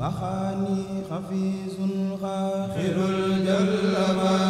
waxaani xafiisun xaaxirul jallama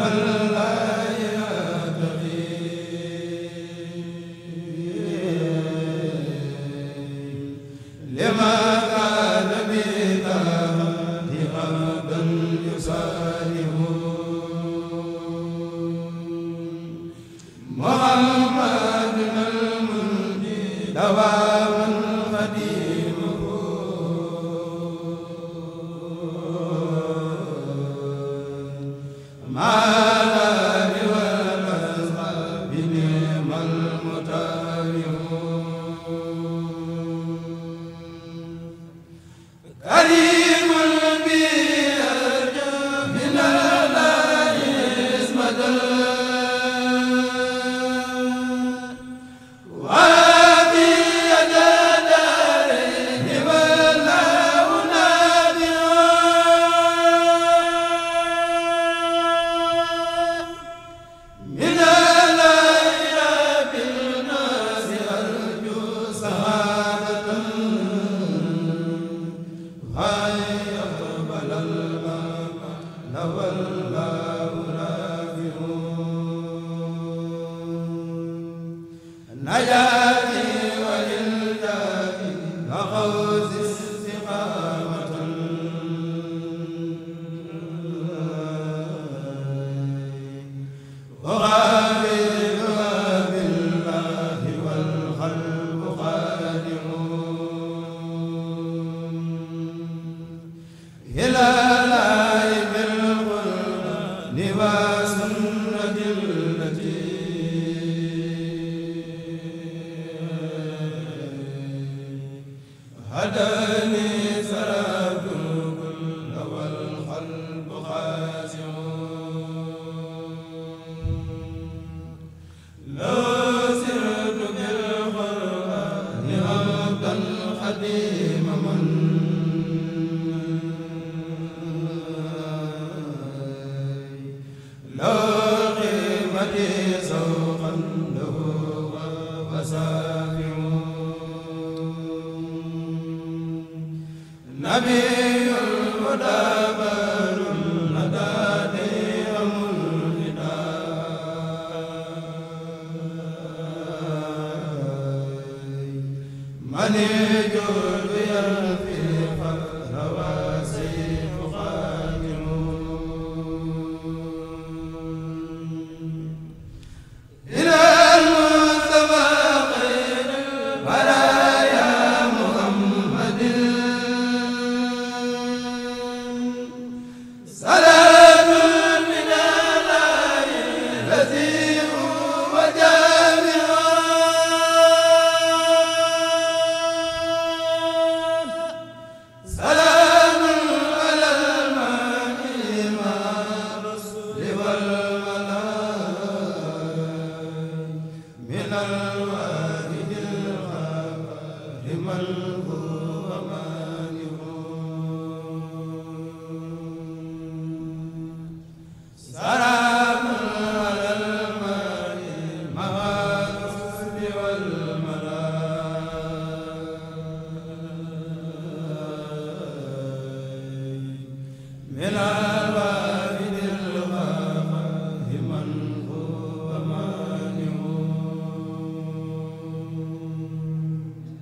lima kaana bi taamati amadan yusaani na Nabi ani jur nee na